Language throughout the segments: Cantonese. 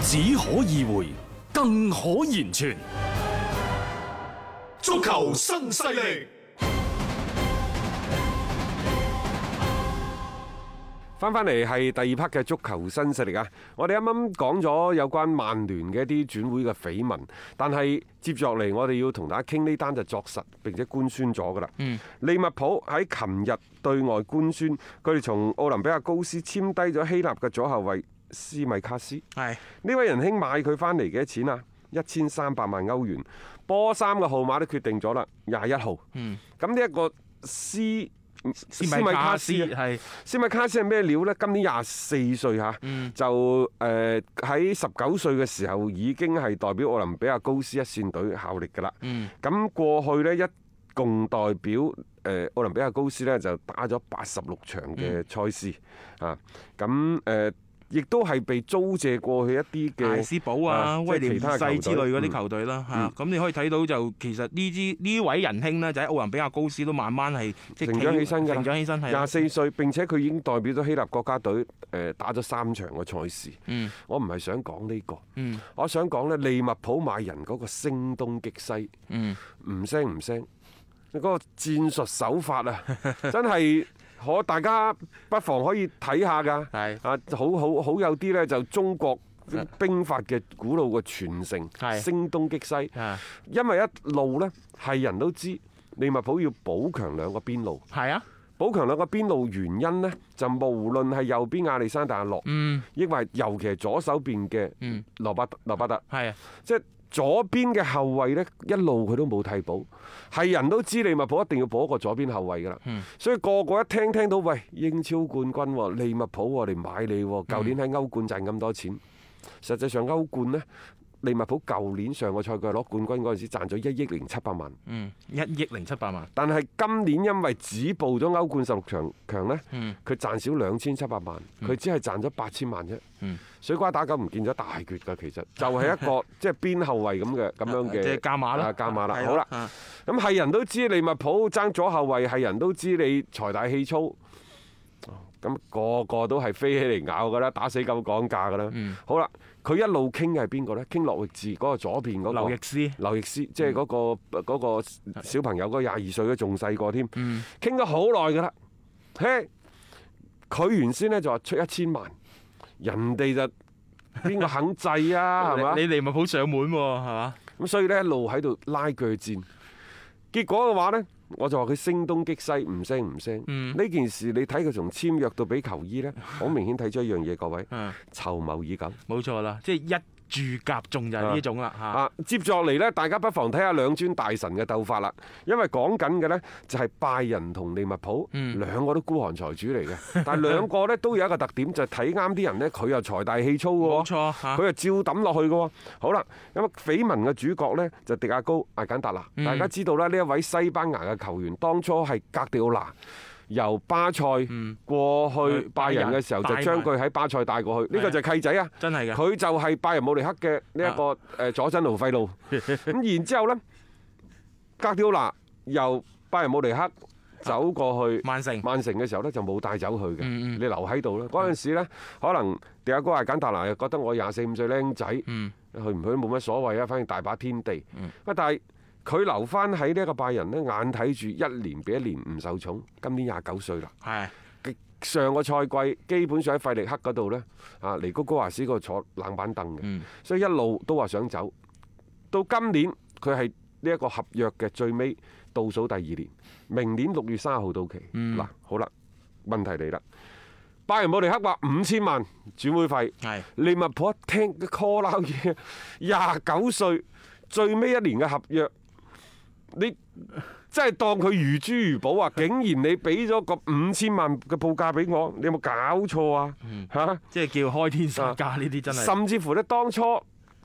只可意會，更可言傳，足球新勢力。翻翻嚟係第二 part 嘅足球新勢力啊！我哋啱啱講咗有關曼聯嘅一啲轉會嘅緋聞，但係接落嚟我哋要同大家傾呢單就作實並且官宣咗㗎喇。嗯，利物浦喺琴日對外官宣，佢哋從奧林比亞高斯簽低咗希臘嘅左後衞斯米卡斯。係呢是位仁兄買佢翻嚟幾多錢啊？一千三百萬歐元。波衫嘅號碼都決定咗啦，廿一號。嗯，咁呢一個斯。斯米卡斯係，是斯米卡斯係咩料呢？今年廿四歲吓，嗯、就誒喺十九歲嘅時候已經係代表奧林比亞高斯一線隊效力噶啦。咁、嗯、過去呢，一共代表誒奧林比亞高斯呢就打咗八十六場嘅賽事、嗯、啊、咁、呃、誒。亦都係被租借過去一啲嘅艾斯堡啊、威廉西之類嗰啲球隊啦，吓咁你可以睇到就其實呢支呢位仁兄呢，就喺奧林比亞高斯都慢慢係成長起身，成長起身，廿四歲並且佢已經代表咗希臘國家隊誒打咗三場嘅賽事。我唔係想講呢個。我想講呢利物浦買人嗰個聲東擊西。唔聲唔聲，你嗰個戰術手法啊，真係～可大家不妨可以睇下㗎，啊是的，好好好有啲咧就中國兵法嘅古老嘅傳承，是的 聲東擊西，是的 因為一路呢係人都知利物浦要保強兩個邊路，係啊，保強兩個邊路原因呢，就無論係右邊亞歷山大阿洛，亦或、嗯、尤其係左手邊嘅羅伯羅伯特，係啊，即係。左邊嘅後衞呢，一路佢都冇替補，係人都知利物浦一定要補一個左邊後衞噶啦，嗯、所以個個，個一聽聽到，喂英超冠軍利物浦、啊，我嚟買你，舊年喺歐冠賺咁多錢，實際上歐冠呢。利物浦舊年上個賽季攞冠軍嗰陣時賺咗一億零七百萬。嗯，一億零七百萬。但係今年因為止步咗歐冠十六強強呢，佢賺少兩千七百萬，佢只係賺咗八千萬啫。水瓜打狗唔見咗大鉸㗎，其實就係一個即係邊後衞咁嘅咁樣嘅。即係加碼啦，加碼啦。好啦，咁係人都知利物浦爭咗後衞，係人都知你財大氣粗。咁、那個個都係飛起嚟咬噶啦，打死狗講價噶啦。好啦，佢一路傾係邊個咧？傾洛域志嗰個左邊嗰、那個劉易斯，劉易斯即係嗰、那個嗯、個小朋友，嗰廿二歲嗰仲細個添。傾咗好耐噶啦，嘿，佢原先咧就話出一千萬，人哋就邊個肯制啊？係嘛？你利物浦上門喎，係嘛？咁所以呢，一路喺度拉鋸戰，結果嘅話呢。我就話佢聲東擊西，唔聲唔聲。呢、嗯、件事你睇佢從簽約到俾球衣咧，好明顯睇出一樣嘢，各位，籌謀、嗯、已久。冇錯啦，即係一。住甲眾人呢種啦，嚇、嗯，啊接落嚟呢，大家不妨睇下兩尊大神嘅鬥法啦。因為講緊嘅呢，就係拜仁同利物浦、嗯、兩個都孤寒財主嚟嘅，但兩個呢，都有一個特點就，就係睇啱啲人呢，佢又財大氣粗喎，佢又、啊、照抌落去嘅喎。好啦，咁啊，緋聞嘅主角呢，就迪亞高阿簡達啦。大家知道咧，呢一位西班牙嘅球員，當初係格迪奧拿，由巴塞過去拜仁嘅時候，就將佢喺巴塞帶過去。呢個就係契仔啊！真係嘅，佢就係拜仁慕尼黑嘅呢一個誒佐真奴菲路。咁然之後咧，哥迪奧拿由拜仁慕尼黑走過去曼城，曼城嘅時候咧就冇帶走去嘅。你留喺度咧，嗰陣時咧可能迪亞哥阿簡達拿又覺得我廿四五歲僆仔，去唔去都冇乜所謂啊，反正大把天地。啊，但係。佢留翻喺呢一個拜仁咧，眼睇住一年比一年唔受寵，今年廿九歲啦。係是的 上個賽季基本上喺費力克嗰度呢，啊尼古哥華斯嗰度坐冷板凳嘅，嗯、所以一路都話想走。到今年佢係呢一個合約嘅最尾倒數第二年，明年六月卅號到期。嗱，嗯、好啦，問題嚟啦，拜仁慕尼克話五千萬轉會費，是的 利物浦一聽啲 call 撈嘢，廿九歲最尾一年嘅合約。你真係當佢如珠如寶啊！竟然你俾咗個五千萬嘅報價俾我，你有冇搞錯啊？吓、嗯，即係叫開天殺價呢啲真係、啊，甚至乎咧當初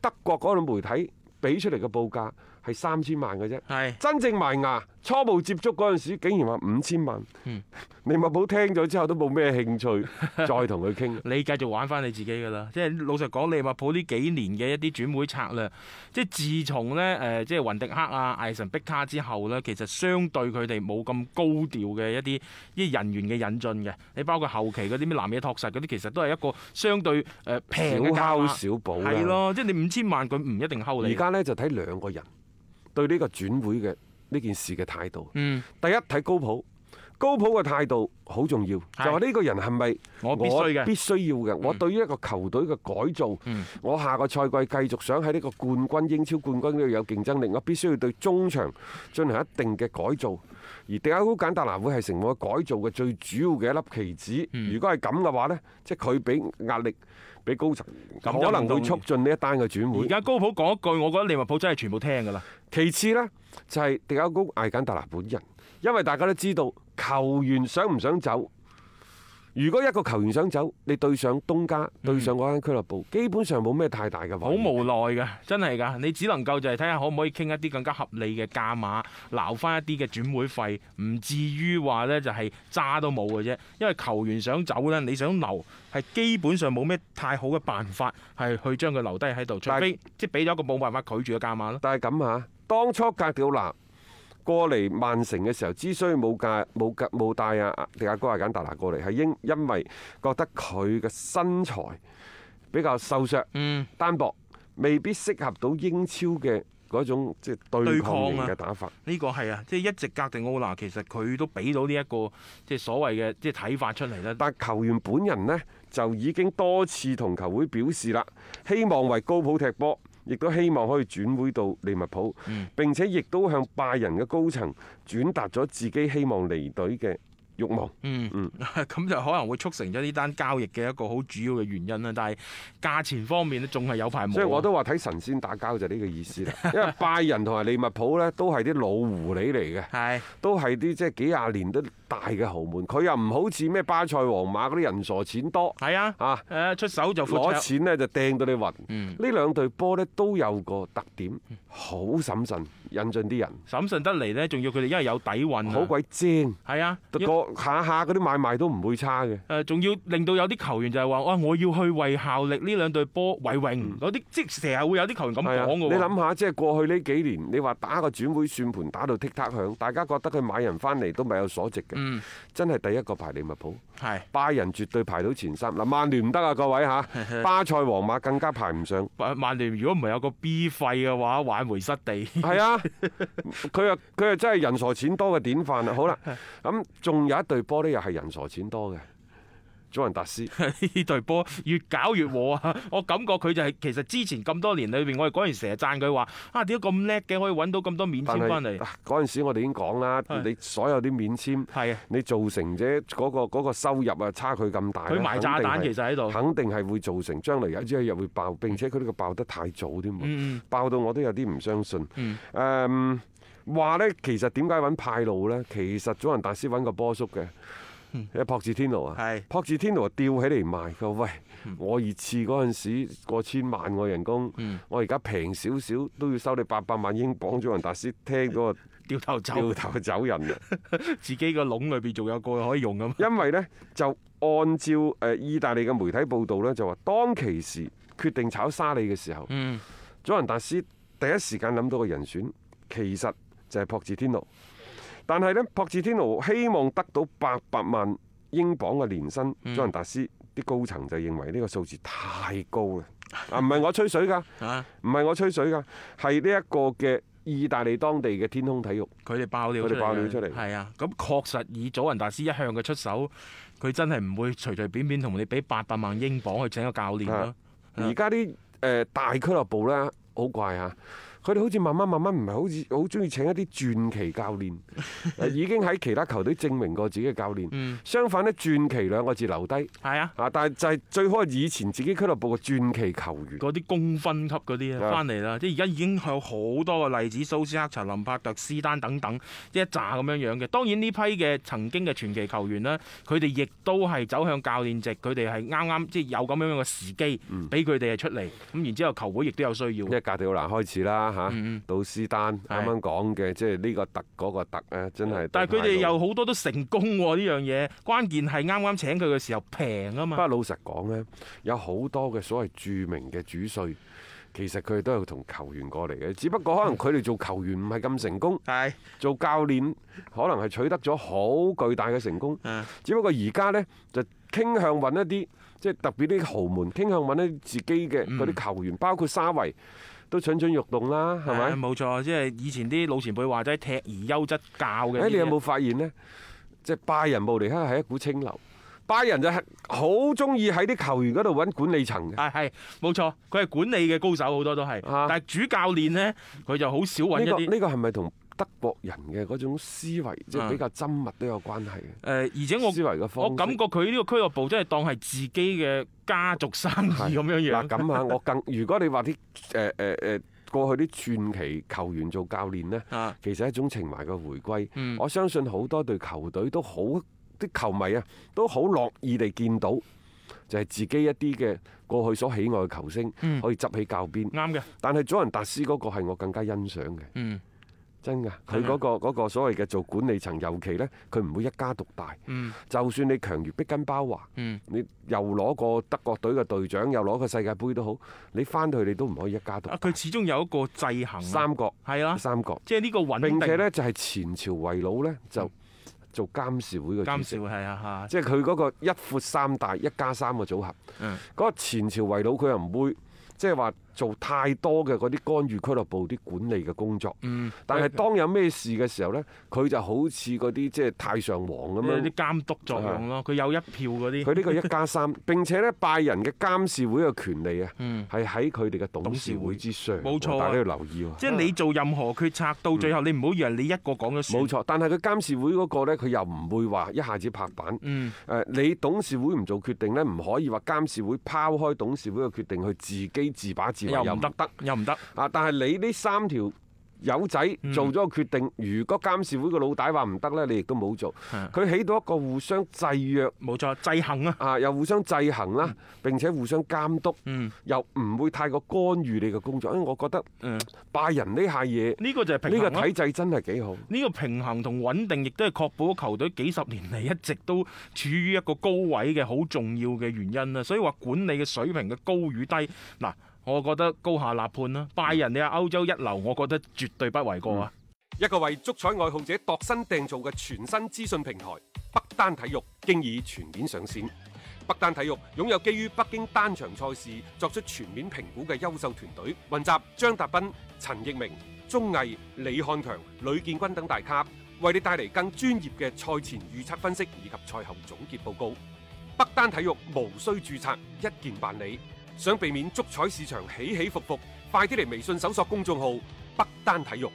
德國嗰度媒體俾出嚟嘅報價。係三千萬嘅啫，真正埋牙初步接觸嗰陣時，竟然話五千萬。嗯、利物浦聽咗之後都冇咩興趣，再同佢傾。你繼續玩翻你自己噶啦，即係老實講，利物浦呢幾年嘅一啲轉會策略，即係自從咧誒，即係雲迪克啊、艾神碧加之後咧，其實相對佢哋冇咁高調嘅一啲，一人員嘅引進嘅。你包括後期嗰啲咩南野拓實嗰啲，其實都係一個相對誒平交價啦，係咯了，了即係你五千萬佢唔一定睺你。而家咧就睇兩個人。對呢個轉會嘅呢件事嘅態度，嗯，第一睇高普。高普嘅態度好重要，就話呢個人係咪我必須嘅必須要嘅？我對於一個球隊嘅改造，嗯、我下個賽季繼續想喺呢個冠軍英超冠軍度有競爭力，我必須要對中場進行一定嘅改造。而迪亞高簡達拿會係成個改造嘅最主要嘅一粒棋子。如果係咁嘅話呢，即係佢俾壓力俾高層，嗯、可能會促進呢一單嘅轉會。而家高普講一句，我覺得利物浦真係全部聽㗎喇。其次呢，就係、是、迪亞高艾簡達拿本人。因為大家都知道球員想唔想走，如果一個球員想走，你對上東家，嗯、對上嗰間俱樂部，基本上冇咩太大嘅好無奈噶，真係噶，你只能夠就係睇下可唔可以傾一啲更加合理嘅價碼，撈翻一啲嘅轉會費，唔至於話呢就係渣都冇嘅啫。因為球員想走呢，你想留係基本上冇咩太好嘅辦法，係去將佢留低喺度，除非是即係俾咗一個冇辦法拒絕嘅價碼咯。但係咁吓，當初格調啦，過嚟曼城嘅時候，之所以冇架冇冇帶阿迪亞哥阿簡達拿過嚟，係因因為覺得佢嘅身材比較瘦削、單薄，未必適合到英超嘅嗰種即係對抗型嘅打法。呢個係啊，即係一直格迪奧拿，其實佢都俾到呢一個即係所謂嘅即係睇法出嚟啦。但係球員本人呢，就已經多次同球會表示啦，希望為高普踢波。亦都希望可以轉會到利物浦，並且亦都向拜仁嘅高層轉達咗自己希望離隊嘅慾望，嗯嗯，咁就可能會促成咗呢單交易嘅一個好主要嘅原因啦。但係價錢方面咧，仲係有排望。所以我都話睇神仙打交就係呢個意思啦。 因為拜仁同埋利物浦呢都係啲老狐狸嚟嘅，係是都係啲即係幾廿年都大嘅豪門。佢又唔好似咩巴塞、皇馬嗰啲人傻錢多，係啊，嚇出手就攞錢呢，就掟到你暈。呢、嗯、兩隊波咧都有個特點，好審慎引進啲人，審慎得嚟呢，仲要佢哋因為有底蘊，好鬼精，係啊，下下嗰啲買賣都唔會差嘅。誒，仲要令到有啲球員就係話，哇，我要去為效力呢兩隊波為榮，有啲、嗯、即係成日會有啲球員咁講，你諗下，即係過去呢幾年，你話打個轉會算盤打到剔嗒響，大家覺得佢買人翻嚟都物有所值嘅。嗯、真係第一個排利物浦，係是的 拜仁絕對排到前三。嗱，曼聯唔得啊，各位吓，巴塞、皇馬更加排唔上。曼聯如果唔係有個 B 費嘅話，挽回失地。係啊，佢啊佢啊真係人傻錢多嘅典範啊，好啦，咁仲。有一隊波呢又係人傻錢多嘅，祖雲達斯呢隊波越搞越和啊！我感覺佢就係、是、其實之前咁多年裏邊，我哋嗰陣時成日讚佢話：啊點解咁叻嘅可以揾到咁多免簽翻嚟？嗰陣時我哋已經講啦，是你所有啲免簽，的你造成者嗰、那個那個收入啊差距咁大，佢埋炸彈其實喺度，肯定係會造成將來有一日會爆，並且佢呢個爆得太早添嘛，爆到我都有啲唔相信。嗯。嗯。話呢，其實點解揾派路呢？其實祖雲達斯揾個波叔嘅，係撲智天奴啊！係撲智天奴啊！吊起嚟賣，佢，喂，我以前嗰陣時過千萬喎人工，我而家平少少都要收你八百萬英鎊。祖雲達斯聽咗啊，掉頭走，掉頭走人啦！自己個籠裏邊仲有個可以用咁。因為呢，就按照誒意大利嘅媒體報導呢，就話當其時決定炒沙利嘅時候，祖雲達斯第一時間諗到個人選其實。就係博智天奴，但係咧，博智天奴希望得到八百萬英鎊嘅年薪，祖雲達斯啲高層就認為呢個數字太高啦。啊，唔係我吹水㗎，唔係我吹水㗎，係呢一個嘅意大利當地嘅天空體育，佢哋爆料，佢哋爆料出嚟，係啊，咁確實以祖雲達斯一向嘅出手，佢真係唔會隨隨便便同你俾八百萬英鎊去請個教練咯。而家啲誒大俱樂部咧。怪好怪啊，佢哋好似慢慢慢慢唔係好似好中意請一啲傳奇教練， 已經喺其他球隊證明過自己嘅教練，嗯、相反咧，傳奇兩個字留低。係是啊，但係就係最好係以前自己俱樂部嘅傳奇球員嗰啲功分級嗰啲是啊，翻嚟啦！即係而家已經有好多嘅例子，蘇斯克、陳林柏特、斯丹等等，一紮咁樣樣嘅。當然呢批嘅曾經嘅傳奇球員咧，佢哋亦都係走向教練席，佢哋係啱啱即係有咁樣樣嘅時機，俾佢哋係出嚟。咁、嗯、然之後,後球會亦都有需要。哥迪奧拿開始啦嚇，嗯、到施丹啱啱講嘅，是 即係呢個特」嗰、嗰個突啊，真係。但係佢哋又好多都成功喎呢樣嘢，關鍵係啱啱請佢嘅時候平啊嘛。不過老實講呢，有好多嘅所謂著名嘅主帥，其實佢哋都係同球員過嚟嘅，只不過可能佢哋做球員唔係咁成功，係是 做教練可能係取得咗好巨大嘅成功。是 只不過而家呢。就。傾向揾一啲即係特別啲豪門，傾向揾一啲自己嘅嗰啲球員，嗯、包括沙維都蠢蠢欲動啦，係咪？冇、哎、錯，即係以前啲老前輩話齋，踢而優則教嘅。哎，你有冇發現呢？嗯、即係拜仁慕尼黑係一股清流，拜仁就係好中意喺啲球員嗰度揾管理層嘅。係係冇錯，佢係管理嘅高手好多都係，啊、但係主教練呢，佢就好少揾呢、呢個係咪同？呢個係德國人嘅嗰種思維，即係比較縝密都有關係嘅。誒，而且我思維嘅方我感覺佢呢個俱樂部，真係當係自己嘅家族生意咁樣的樣。嗱，咁啊，我更如果你話啲誒誒誒過去啲傳奇球員做教練呢，其實係一種情懷嘅回歸。嗯、我相信好多隊球隊都好啲球迷啊，都好樂意地見到，就係自己一啲嘅過去所喜愛嘅球星可以執起教鞭。啱嘅。但係祖雲達斯嗰個係我更加欣賞嘅。嗯。嗯真噶，佢嗰、嗰個嗰個所謂嘅做管理層，尤其呢，佢唔會一家獨大。嗯、就算你強如碧根包華，嗯、你又攞個德國隊嘅隊長，又攞個世界盃都好，你翻到去你都唔可以一家獨大。啊，佢始終有一個制衡。三角。係啦。三角。即係呢個穩定。並且呢，就係前朝遺老呢，就做監事會嘅主席。監事會即係佢嗰個一闊三大一加三個組合。嗯。嗰個前朝遺老，佢又唔會即係話。做太多嘅嗰啲干預俱樂部啲管理嘅工作，嗯、但係當有咩事嘅時候咧，佢、嗯、就好似嗰啲即係太上皇咁樣啲監督作用咯。佢的有一票嗰啲。佢呢個一加三， 並且咧拜仁嘅監事會嘅權力啊，係喺佢哋嘅董事會之上。冇錯、嗯，錯大家要留意喎，即係你做任何決策，到最後你唔好以為你一個講咗算。冇錯、嗯，但係佢監事會嗰、嗰個咧，佢又唔會話一下子拍板。嗯。誒，你董事會唔做決定咧，唔可以話監事會拋開董事會嘅決定去自己自把自。又唔得得，又唔得啊！但係你呢三條友仔做咗個決定，嗯、如果監事會個老大話唔得呢，你亦都冇做。佢的起到一個互相制約，冇錯，制衡啊！啊，又互相制衡啦，嗯、並且互相監督，嗯、又唔會太過干預你嘅工作。因為我覺得，嗯、拜仁呢下嘢，呢個就係平衡呢、啊、呢個體制真係幾好。呢個平衡同穩定亦都係確保球隊幾十年嚟一直都處於一個高位嘅好重要嘅原因啦。所以話管理嘅水平嘅高與低，嗱。我覺得高下立判啦、啊！拜仁你係歐洲一流，我覺得絕對不為過啊！一個為足彩愛好者度身訂造嘅全新資訊平台——北單體育，經已全面上線。北單體育擁有基於北京單場賽事作出全面評估嘅優秀團隊，雲集張達斌、陳奕明、鍾毅、李漢強、呂建軍等大咖，為你帶嚟更專業嘅賽前預測分析以及賽後總結報告。北單體育無需註冊，一鍵辦理。想避免足彩市場起起伏伏，快啲嚟微信搜索公眾號北單體育。